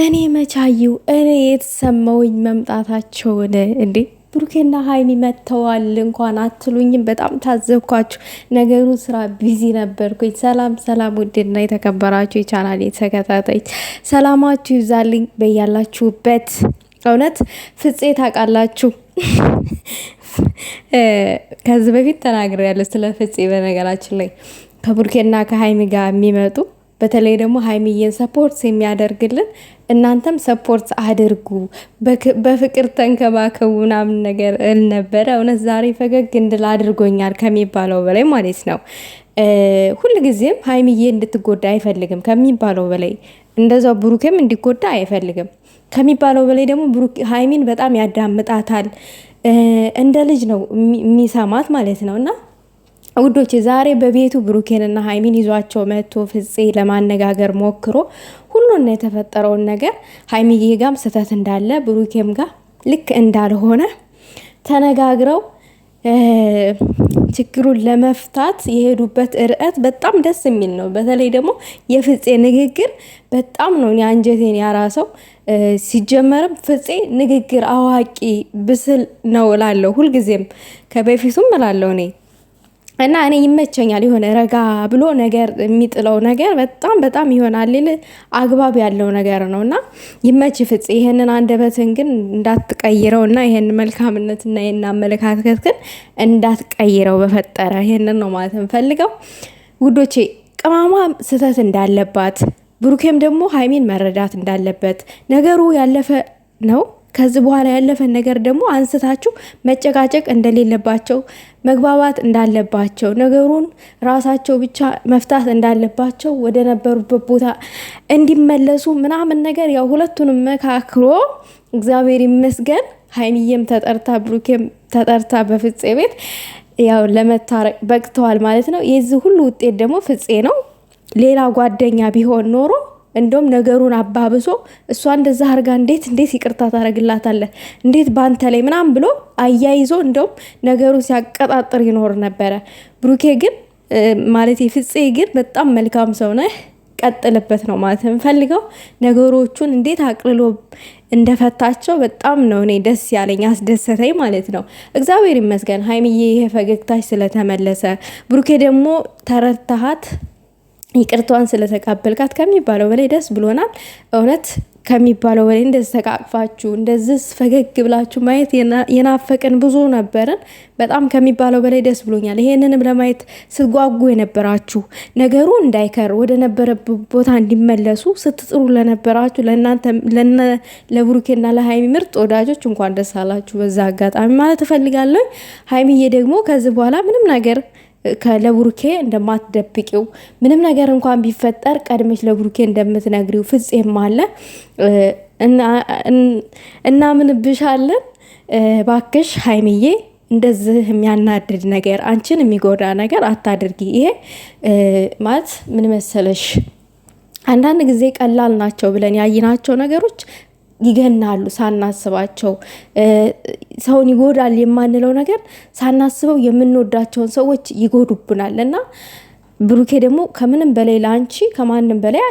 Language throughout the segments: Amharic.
እኔ መቻየው እኔ የተሰማውኝ መምጣታቸውን እንዴ ብሩኬና ሀይሚ መጥተዋል እንኳን አትሉኝም? በጣም ታዘብኳችሁ። ነገሩ ስራ ቢዚ ነበርኩኝ። ሰላም ሰላም፣ ውድና የተከበራችሁ የቻናል ተከታታዮች ሰላማችሁ ይብዛልኝ በያላችሁበት። እውነት ፍፄ ታውቃላችሁ፣ ከዚህ በፊት ተናግሬያለሁ ስለ ፍፄ። በነገራችን ላይ ከብሩኬና ከሀይሚ ጋር የሚመጡ በተለይ ደግሞ ሀይሚዬን ሰፖርት የሚያደርግልን እናንተም ሰፖርት አድርጉ፣ በፍቅር ተንከባከቡ ምናምን ነገር ልነበረ እውነት ዛሬ ፈገግ እንድል አድርጎኛል ከሚባለው በላይ ማለት ነው። ጊዜም ሀይሚዬ እንድትጎዳ አይፈልግም ከሚባለው በላይ እንደዛው ብሩኬም እንዲጎዳ አይፈልግም ከሚባለው በላይ ደግሞ ብሩክ ሀይሚን በጣም ያዳምጣታል። እንደ ልጅ ነው የሚሰማት ማለት ነው እና ውዶች ዛሬ በቤቱ ብሩኬንና ሀይሚን ይዟቸው መጥቶ ፍፄ ለማነጋገር ሞክሮ ሁሉን የተፈጠረውን ነገር ሀይሚዬ ጋም ስህተት እንዳለ ብሩኬም ጋር ልክ እንዳልሆነ ተነጋግረው ችግሩን ለመፍታት የሄዱበት ርዕት በጣም ደስ የሚል ነው። በተለይ ደግሞ የፍፄ ንግግር በጣም ነው አንጀቴን ያራሰው። ሲጀመርም ፍፄ ንግግር አዋቂ ብስል ነው እላለሁ፣ ሁልጊዜም ከበፊቱም እላለሁ እኔ እና እኔ ይመቸኛል የሆነ ረጋ ብሎ ነገር የሚጥለው ነገር በጣም በጣም ይሆናል አግባብ ያለው ነገር ነው እና ይመች ፍጽ ይሄንን አንደበትን ግን እንዳትቀይረው እና ይህን መልካምነት እና ይህን አመለካከት ግን እንዳትቀይረው በፈጠረ ይህንን ነው ማለት ንፈልገው ውዶቼ ቅማማ ስህተት እንዳለባት ብሩኬም ደግሞ ሀይሚን መረዳት እንዳለበት ነገሩ ያለፈ ነው ከዚህ በኋላ ያለፈን ነገር ደግሞ አንስታችሁ መጨቃጨቅ እንደሌለባቸው፣ መግባባት እንዳለባቸው፣ ነገሩን ራሳቸው ብቻ መፍታት እንዳለባቸው፣ ወደ ነበሩበት ቦታ እንዲመለሱ ምናምን ነገር ያው ሁለቱንም መካክሮ እግዚአብሔር ይመስገን ሀይሚዬም ተጠርታ ብሩኬም ተጠርታ በፍፄ ቤት ያው ለመታረቅ በቅተዋል ማለት ነው። የዚህ ሁሉ ውጤት ደግሞ ፍፄ ነው። ሌላ ጓደኛ ቢሆን ኖሮ እንደውም ነገሩን አባብሶ እሷ እንደዛ አርጋ እንዴት እንዴት ይቅርታ ታደርግላታለህ እንዴት ባንተ ላይ ምናምን ብሎ አያይዞ እንደውም ነገሩን ሲያቀጣጥር ይኖር ነበረ። ብሩኬ ግን ማለት ፍፄ ግን በጣም መልካም ሰው ነህ፣ ቀጥልበት ነው ማለት የምፈልገው። ነገሮቹን እንዴት አቅልሎ እንደፈታቸው በጣም ነው እኔ ደስ ያለኝ አስደሰተኝ ማለት ነው። እግዚአብሔር ይመስገን ሀይሚዬ ይሄ ፈገግታች ስለተመለሰ ብሩኬ ደግሞ ተረድተሃት ይቅርቷን ስለተቀበልካት ከሚባለው በላይ ደስ ብሎናል። እውነት ከሚባለው በላይ እንደዚህ ተቃቅፋችሁ እንደዚህ ፈገግ ብላችሁ ማየት የናፈቅን ብዙ ነበርን። በጣም ከሚባለው በላይ ደስ ብሎኛል። ይሄንንም ለማየት ስትጓጉ የነበራችሁ ነገሩ እንዳይከር ወደ ነበረበት ቦታ እንዲመለሱ ስትጥሩ ለነበራችሁ ለብሩኬና ለሀይሚ ምርጥ ወዳጆች እንኳን ደስ አላችሁ። በዛ አጋጣሚ ማለት እፈልጋለሁ። ሀይሚዬ ደግሞ ከዚህ በኋላ ምንም ነገር ለቡሩኬ እንደማትደብቂው ምንም ነገር እንኳን ቢፈጠር ቀድመች ለቡሩኬ እንደምትነግሪው ፍፄም አለ እናምንብሻለን። ባክሽ ሀይምዬ እንደዚህ የሚያናድድ ነገር አንቺን የሚጎዳ ነገር አታድርጊ። ይሄ ማለት ምን መሰለሽ አንዳንድ ጊዜ ቀላል ናቸው ብለን ያይናቸው ነገሮች ይገናሉ ሳናስባቸው። ሰውን ይጎዳል የማንለው ነገር ሳናስበው የምንወዳቸውን ሰዎች ይጎዱብናል። እና ብሩኬ ደግሞ ከምንም በላይ ለአንቺ ከማንም በላይ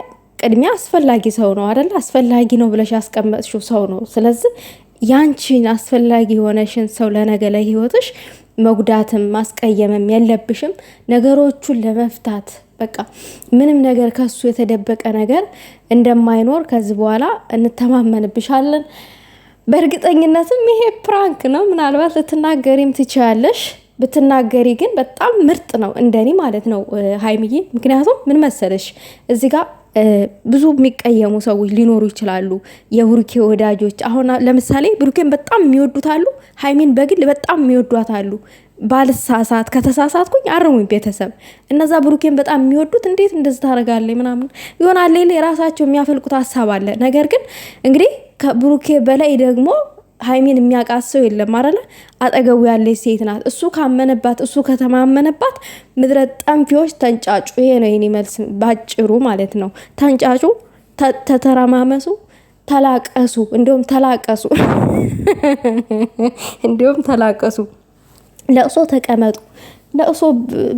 ቅድሚያ አስፈላጊ ሰው ነው አደለ አስፈላጊ ነው ብለሽ ያስቀመጥሽው ሰው ነው። ስለዚህ ያንቺን አስፈላጊ የሆነሽን ሰው ለነገ ለህይወትሽ መጉዳትም ማስቀየምም የለብሽም ነገሮቹን ለመፍታት በቃ ምንም ነገር ከሱ የተደበቀ ነገር እንደማይኖር ከዚህ በኋላ እንተማመንብሻለን። በእርግጠኝነትም ይሄ ፕራንክ ነው። ምናልባት ልትናገሪም ትችያለሽ። ብትናገሪ ግን በጣም ምርጥ ነው፣ እንደኔ ማለት ነው ሀይሚዬ። ምክንያቱም ምን መሰለሽ እዚህ ጋር ብዙ የሚቀየሙ ሰዎች ሊኖሩ ይችላሉ። የብሩኬ ወዳጆች አሁን ለምሳሌ ብሩኬን በጣም የሚወዱት አሉ። ሀይሚን በግል በጣም አሉ። ባልሳሳት ከተሳሳትኩኝ አርሙኝ ቤተሰብ። እነዛ ብሩኬን በጣም የሚወዱት እንዴት እንደዚህ ታደርጋለች ምናምን ይሆናል ሌላ የራሳቸው የሚያፈልቁት ሀሳብ አለ። ነገር ግን እንግዲህ ከብሩኬ በላይ ደግሞ ሀይሜን የሚያውቃት ሰው የለም አይደለ? አጠገቡ ያለች ሴት ናት። እሱ ካመነባት፣ እሱ ከተማመነባት ምድረ ጠንፊዎች ተንጫጩ። ይሄ ነው የኔ መልስ ባጭሩ ማለት ነው። ተንጫጩ፣ ተተረማመሱ፣ ተላቀሱ። እንዲሁም ተላቀሱ፣ እንዲሁም ተላቀሱ። ለቅሶ ተቀመጡ። ለእሶ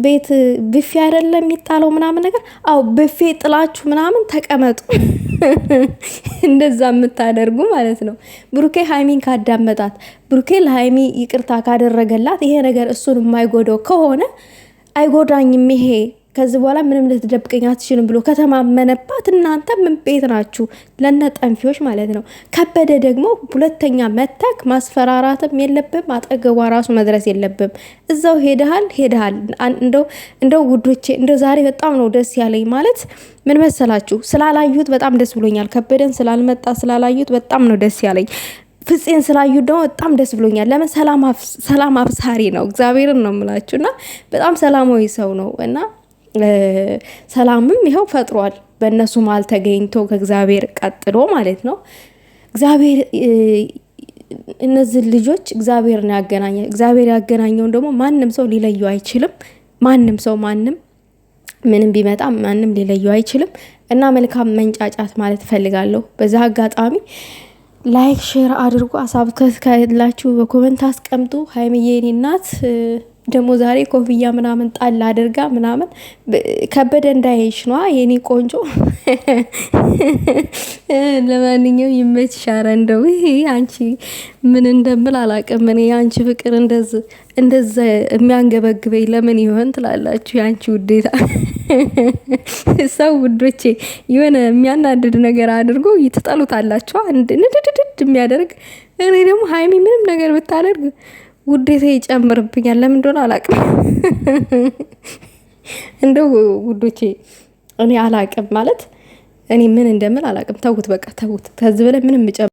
ቤት ብፌ አይደለም የሚጣለው ምናምን ነገር። አው ብፌ ጥላችሁ ምናምን ተቀመጡ፣ እንደዛ የምታደርጉ ማለት ነው። ብሩኬ ሀይሚን ካዳመጣት፣ ብሩኬ ለሀይሚ ይቅርታ ካደረገላት፣ ይሄ ነገር እሱን የማይጎዳው ከሆነ አይጎዳኝም ይሄ ከዚህ በኋላ ምንም ልትደብቀኝ አትችልም ብሎ ከተማመነባት እናንተ ምን ቤት ናችሁ? ለነ ጠንፊዎች ማለት ነው። ከበደ ደግሞ ሁለተኛ መታክ ማስፈራራትም የለብም አጠገቧ ራሱ መድረስ የለብም። እዛው ሄደሃል ሄደሃል። እንደው ውዶቼ እንደው ዛሬ በጣም ነው ደስ ያለኝ ማለት ምን መሰላችሁ፣ ስላላዩት በጣም ደስ ብሎኛል። ከበደን ስላልመጣ ስላላዩት በጣም ነው ደስ ያለኝ። ፍፄን ስላዩት ደግሞ በጣም ደስ ብሎኛል። ለምን ሰላም አብሳሪ ነው፣ እግዚአብሔርን ነው የምላችሁ እና በጣም ሰላማዊ ሰው ነው እና ሰላምም ይኸው ፈጥሯል። በእነሱ መሀል ተገኝቶ ከእግዚአብሔር ቀጥሎ ማለት ነው። እግዚአብሔር እነዚህ ልጆች እግዚአብሔር ነው ያገናኘ። እግዚአብሔር ያገናኘውን ደግሞ ማንም ሰው ሊለዩ አይችልም። ማንም ሰው ማንም ምንም ቢመጣ ማንም ሊለዩ አይችልም እና መልካም መንጫጫት ማለት እፈልጋለሁ። በዛ አጋጣሚ ላይክ ሼር አድርጎ አሳብ ከላችሁ በኮመንት አስቀምጡ። ሀይሚዬ እኔ እናት ደግሞ ዛሬ ኮፍያ ምናምን ጣል አድርጋ ምናምን ከበደ እንዳይሽ ነዋ የኔ ቆንጆ። ለማንኛውም ይመች ሻረ እንደው ይሄ አንቺ ምን እንደምል አላቅም። እኔ የአንቺ ፍቅር እንደዛ የሚያንገበግበኝ ለምን ይሆን ትላላችሁ? የአንቺ ውዴታ ሰው ውዶቼ የሆነ የሚያናድድ ነገር አድርጎ ትጠሉታላችሁ። ንድድድድ የሚያደርግ እኔ ደግሞ ሀይሚ ምንም ነገር ብታደርግ ውዴቴ ይጨምርብኛል። ለምን እንደሆነ አላቅም። እንደው ውዶቼ እኔ አላቅም ማለት እኔ ምን እንደምል አላቅም። ተውት በቃ ተውት። ከዚህ በላይ ምንም